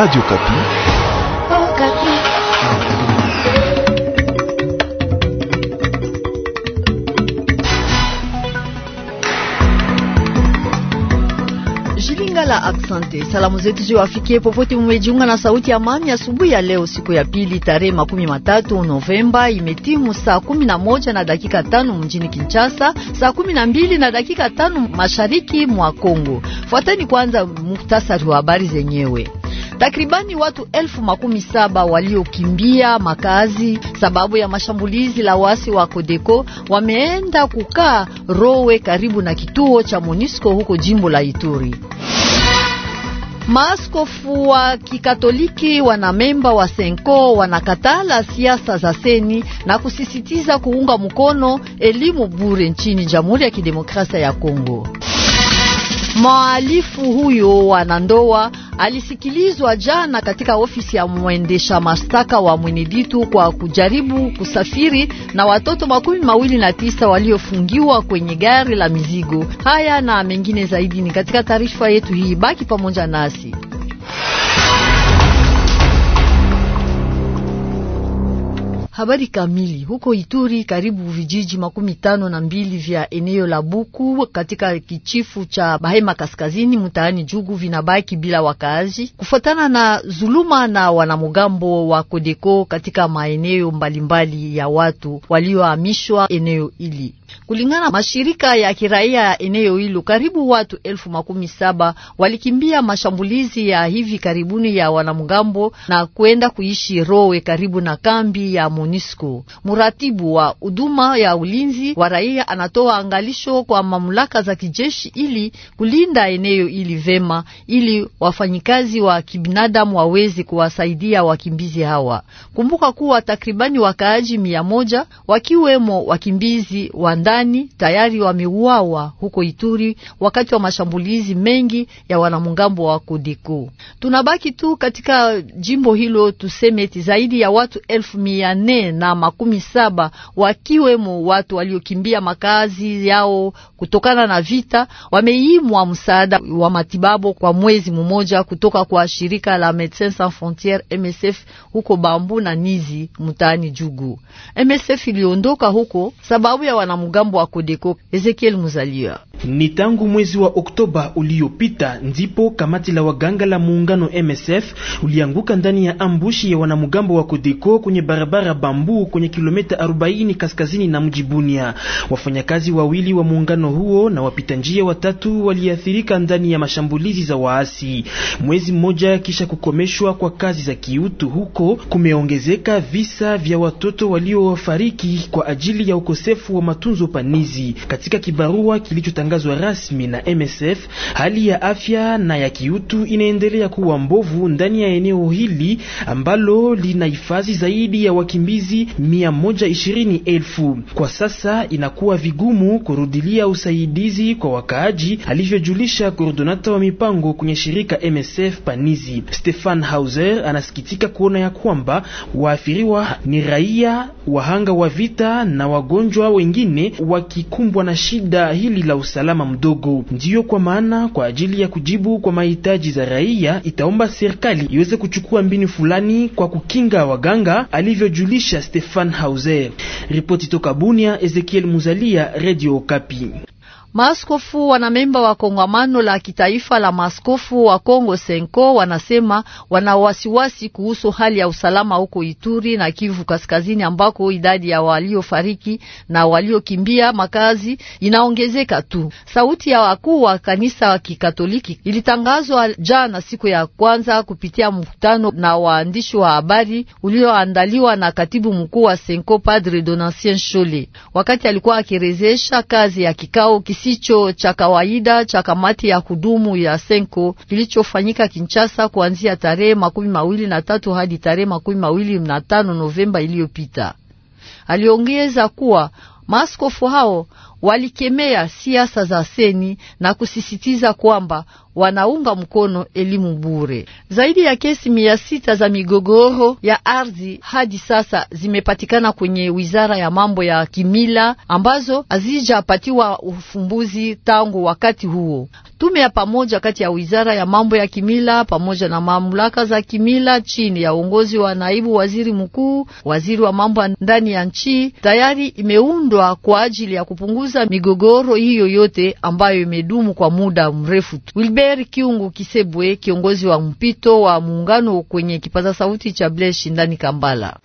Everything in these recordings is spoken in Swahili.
Radio Kapi. Oh, Kapi. Jilingala aksante. Salamu zetu ziwafikie popote mumejiunga na sauti ya amani asubuhi ya leo siku ya pili tarehe makumi matatu Novemba, imetimu saa kumi na moja na dakika tano mjini Kinshasa, saa kumi na mbili na dakika tano mashariki mwa Kongo. Fuateni kwanza muhtasari wa habari zenyewe. Takribani watu elfu makumi saba waliokimbia makazi sababu ya mashambulizi la wasi wa Kodeko wameenda kukaa Rowe karibu na kituo cha Monisco huko jimbo la Ituri. Maaskofu wa Kikatoliki wanamemba wa Senko wanakatala siasa za seni na kusisitiza kuunga mkono elimu bure nchini Jamhuri ya Kidemokrasia ya Kongo. Mwaalifu huyo nandoa alisikilizwa jana katika ofisi ya mwendesha mashtaka wa Mweneditu kwa kujaribu kusafiri na watoto makumi mawili na tisa waliofungiwa kwenye gari la mizigo. Haya na mengine zaidi ni katika taarifa yetu hii, baki pamoja nasi. Habari kamili huko Ituri, karibu vijiji makumi tano na mbili vya eneo la Buku katika kichifu cha Bahema Kaskazini mtaani Jugu vinabaki bila wakaazi kufuatana na zuluma na wanamgambo wa Kodeko katika maeneo mbalimbali ya watu waliohamishwa eneo hili. Kulingana mashirika ya kiraia ya eneo hilo, karibu watu elfu makumi saba walikimbia mashambulizi ya hivi karibuni ya wanamgambo na kwenda kuishi Rowe karibu na kambi ya Monisco. Muratibu wa huduma ya ulinzi wa raia anatoa angalisho kwa mamlaka za kijeshi ili kulinda eneo hili vema, ili wafanyikazi wa kibinadamu waweze kuwasaidia wakimbizi hawa. Kumbuka kuwa takribani wakaaji mia moja wakiwemo wakimbizi wa ndani tayari wameuawa huko Ituri wakati wa mashambulizi mengi ya wanamgambo wa Kodeko. Tunabaki tu katika jimbo hilo, tuseme eti zaidi ya watu elfu mia nne na makumi saba wakiwemo watu waliokimbia makazi yao kutokana na vita wameimwa msaada wa matibabu kwa mwezi mmoja kutoka kwa shirika la Medecins Sans Frontieres MSF huko Bambu na Nizi mtaani Jugu. MSF iliondoka huko sababu ya wanamgambo wanamgambo wa Kodeko. Ezekiel Muzalia ni tangu mwezi wa Oktoba uliopita ndipo kamati la waganga la muungano MSF ulianguka ndani ya ambushi ya wanamgambo wa Kodeko kwenye barabara Bambu kwenye kilomita 40 kaskazini na mji Bunia. Wafanyakazi wawili wa muungano huo na wapita njia watatu waliathirika ndani ya mashambulizi za waasi. Mwezi mmoja kisha kukomeshwa kwa kazi za kiutu huko, kumeongezeka visa vya watoto waliofariki kwa ajili ya ukosefu wa matunzo panizi. Katika kibarua kilicho iliyotangazwa rasmi na MSF, hali ya afya na ya kiutu inaendelea kuwa mbovu ndani ya eneo hili ambalo lina hifadhi zaidi ya wakimbizi 120,000. Kwa sasa inakuwa vigumu kurudilia usaidizi kwa wakaaji, alivyojulisha koordonata wa mipango kwenye shirika MSF Panizi. Stefan Hauser anasikitika kuona ya kwamba waathiriwa ni raia, wahanga wa vita na wagonjwa wengine wakikumbwa na shida hili la usaidizi usalama mdogo. Ndiyo kwa maana kwa ajili ya kujibu kwa mahitaji za raia itaomba serikali iweze kuchukua mbinu fulani kwa kukinga waganga, alivyojulisha Stefan Hauser. Ripoti toka Bunia, Ezekiel Muzalia, Radio Okapi. Maaskofu wanamemba wa kongamano la kitaifa la maaskofu wa Kongo Senko wanasema wana wasiwasi kuhusu hali ya usalama huko Ituri na Kivu Kaskazini ambako idadi ya waliofariki na waliokimbia makazi inaongezeka tu. Sauti ya wakuu wa kanisa wa Kikatoliki ilitangazwa jana siku ya kwanza kupitia mkutano na waandishi wa habari ulioandaliwa na katibu mkuu wa Senko Padre Donatien Shole wakati alikuwa akirejesha kazi ya kikao kisi kisicho cha kawaida cha kamati ya kudumu ya Senko kilichofanyika Kinshasa kuanzia tarehe makumi mawili na tatu hadi tarehe makumi mawili na tano Novemba iliyopita. Aliongeza kuwa maaskofu hao walikemea siasa za seni na kusisitiza kwamba wanaunga mkono elimu bure. Zaidi ya kesi mia sita za migogoro ya ardhi hadi sasa zimepatikana kwenye wizara ya mambo ya kimila ambazo hazijapatiwa ufumbuzi tangu wakati huo. Tume ya pamoja kati ya wizara ya mambo ya kimila pamoja na mamlaka za kimila chini ya uongozi wa naibu waziri mkuu, waziri wa mambo ndani ya nchi, tayari imeundwa kwa ajili ya kupunguza migogoro hiyo yote ambayo imedumu kwa muda mrefu. Gilbert Kiungu Kisebwe, kiongozi wa mpito wa muungano, kwenye kipaza sauti cha Blaise Shindani Kambala.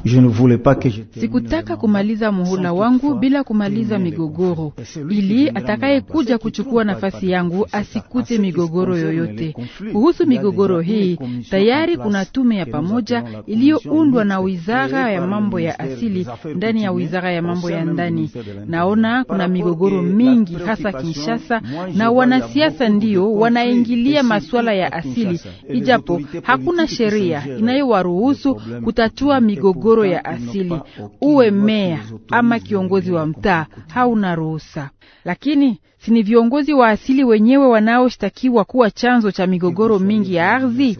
Sikutaka kumaliza muhula wangu bila kumaliza migogoro, ili atakayekuja kuchukua nafasi yangu asikute migogoro yoyote. Kuhusu migogoro hii, tayari kuna tume ya pamoja iliyoundwa na wizara ya mambo ya asili ndani ya wizara ya mambo ya ndani. Naona kuna migogoro mingi, hasa Kinshasa, na wanasiasa ndio wanaingia kuingilia masuala ya asili, ijapo hakuna sheria inayowaruhusu kutatua migogoro ya asili. Uwe meya ama kiongozi wa mtaa, hauna ruhusa, lakini si ni viongozi wa asili wenyewe wanaoshtakiwa kuwa chanzo cha migogoro mingi ya ardhi?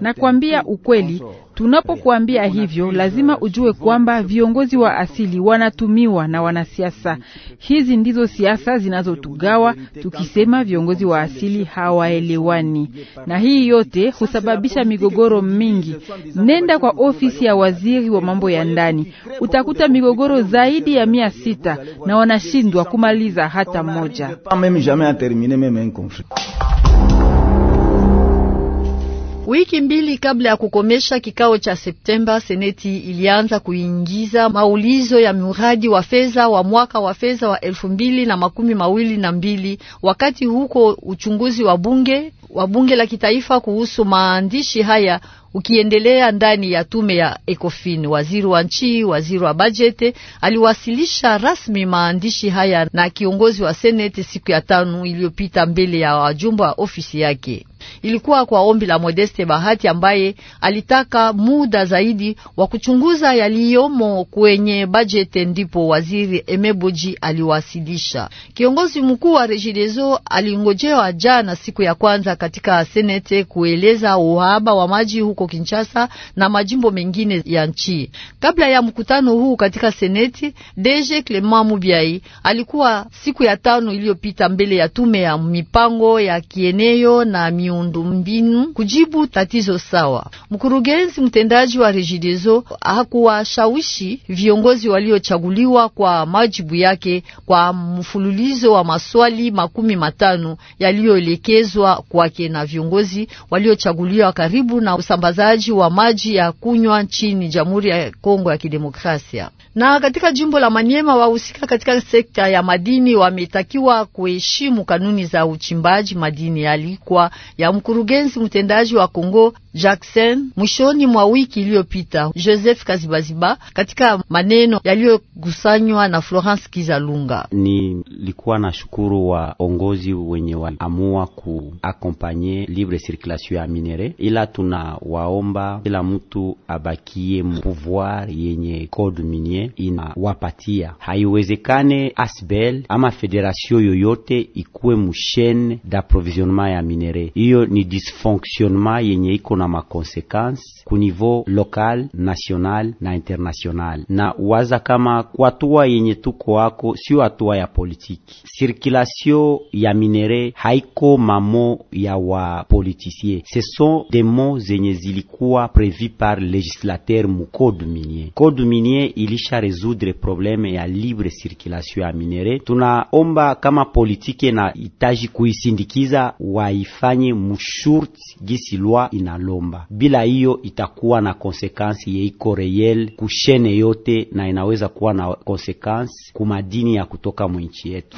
Na kuambia ukweli, tunapokuambia hivyo, lazima ujue kwamba viongozi wa asili wanatumiwa na wanasiasa. Hizi ndizo siasa zinazotugawa tukisema viongozi wa asili hawaelewani, na hii yote husababisha migogoro mingi. Nenda kwa ofisi ya waziri wa mambo ya ndani, utakuta migogoro zaidi ya mia sita na wanashindwa kumaliza hata moja. pas même jamais à terminer même un conflit. Wiki mbili kabla ya kukomesha kikao cha Septemba, seneti ilianza kuingiza maulizo ya mradi wa fedha wa mwaka wa fedha wa elfu mbili na makumi mawili na mbili wakati huko uchunguzi wa bunge wa bunge la kitaifa kuhusu maandishi haya ukiendelea ndani ya tume ya ECOFIN. Waziri wa nchi, waziri wa bajeti aliwasilisha rasmi maandishi haya na kiongozi wa seneti siku ya tano iliyopita mbele ya wajumbe wa ofisi yake ilikuwa kwa ombi la Modeste Bahati ambaye alitaka muda zaidi wa kuchunguza yaliyomo kwenye bajete ndipo waziri Emeboji aliwasilisha. Kiongozi mkuu wa Regideso alingojewa jana siku ya kwanza katika senete kueleza uhaba wa maji huko Kinshasa na majimbo mengine ya nchi. Kabla ya mkutano huu katika seneti, DG Clement Mubiai alikuwa siku ya tano iliyopita mbele ya tume ya mipango ya kieneo na miu mbinu kujibu tatizo sawa. Mkurugenzi mtendaji wa Regideso hakuwashawishi viongozi waliochaguliwa kwa majibu yake kwa mfululizo wa maswali makumi matano yaliyoelekezwa kwake na viongozi waliochaguliwa karibu na usambazaji wa maji ya kunywa nchini Jamhuri ya Kongo ya Kidemokrasia. Na katika jimbo la Manyema, wahusika katika sekta ya madini wametakiwa kuheshimu kanuni za uchimbaji madini, alikwa ya mkurugenzi mtendaji wa Kongo Jackson mwishoni mwa wiki iliyopita. Joseph Kazibaziba katika maneno yaliyokusanywa na Florence Kizalunga. Nilikuwa na shukuru waongozi wenye waamua kuakompanye libre circulation ya minere, ila tunawaomba kila mtu abakie mpouvoir yenye code minier inawapatia. Haiwezekane asbel ama federation yoyote ikuwe mushene d'approvisionnement ya minere, hiyo ni dysfonctionnement yenye iko na na makonsekansi ku niveau local, national na international, na waza kama kwatua yenye tuko wako sio hatua ya politiki. Sirkulasio ya minere haiko mamo ya wa politisie, ce sont des mots zenye zilikuwa prevu par legislateur mu code minier. Code minier ilisha resoudre probleme ya libre sirkulasio ya minere. Tunaomba kama politike na itaji kuisindikiza waifanye mushurti gisi lwa ina kulomba. Bila hiyo itakuwa na konsekansi yeiko reyel kushene yote, na inaweza kuwa na konsekansi kumadini ya kutoka mwinchi yetu.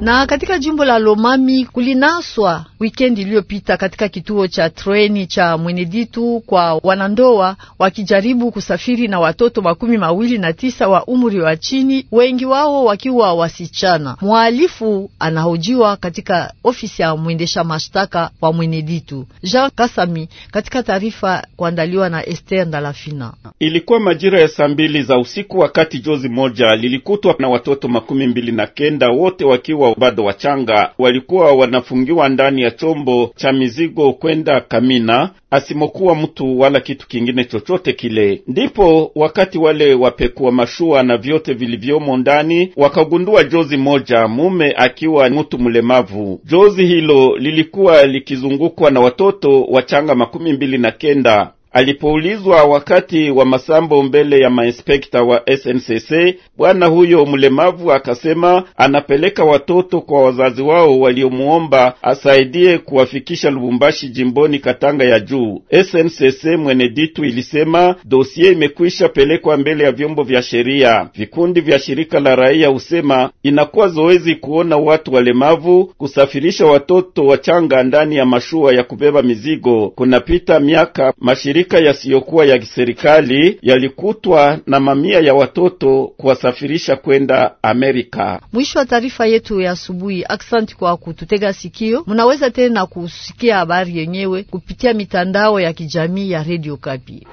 Na katika jimbo la Lomami kulinaswa wikendi iliyopita katika kituo cha treni cha Mweneditu kwa wanandoa wakijaribu kusafiri na watoto makumi mawili na tisa wa umri wa chini, wengi wao wakiwa wasichana. mwalifu anahojiwa katika ofisi ya mwendesha mashtaka wa Mweneditu Jean Kasami, katika taarifa kuandaliwa na Esther Ndalafina. Ilikuwa majira ya saa mbili za usiku wakati jozi moja lilikutwa na watoto makumi mbili na kenda wote wakiwa walikuwa bado wachanga, walikuwa wanafungiwa ndani ya chombo cha mizigo kwenda Kamina, asimokuwa mtu wala kitu kingine chochote kile. Ndipo wakati wale wapekua mashua na vyote vilivyomo ndani wakagundua jozi moja, mume akiwa mtu mlemavu. Jozi hilo lilikuwa likizungukwa na watoto wachanga makumi mbili na kenda. Alipoulizwa wakati wa masambo mbele ya mainspekta wa SNCC, bwana huyo mlemavu akasema anapeleka watoto kwa wazazi wao waliomuomba asaidie kuwafikisha Lubumbashi, jimboni Katanga ya juu. SNCC Mweneditu ilisema dosie imekwisha pelekwa mbele ya vyombo vya sheria. Vikundi vya shirika la raia husema inakuwa zoezi kuona watu walemavu kusafirisha watoto wachanga ndani ya mashua ya kubeba mizigo. Kunapita miaka mashirika mashirika yasiyokuwa ya kiserikali yalikutwa na mamia ya watoto kuwasafirisha kwenda Amerika. Mwisho wa taarifa yetu ya asubuhi. Aksanti kwa kututega sikio. Munaweza tena kusikia habari yenyewe kupitia mitandao ya kijamii ya Radio Kapi.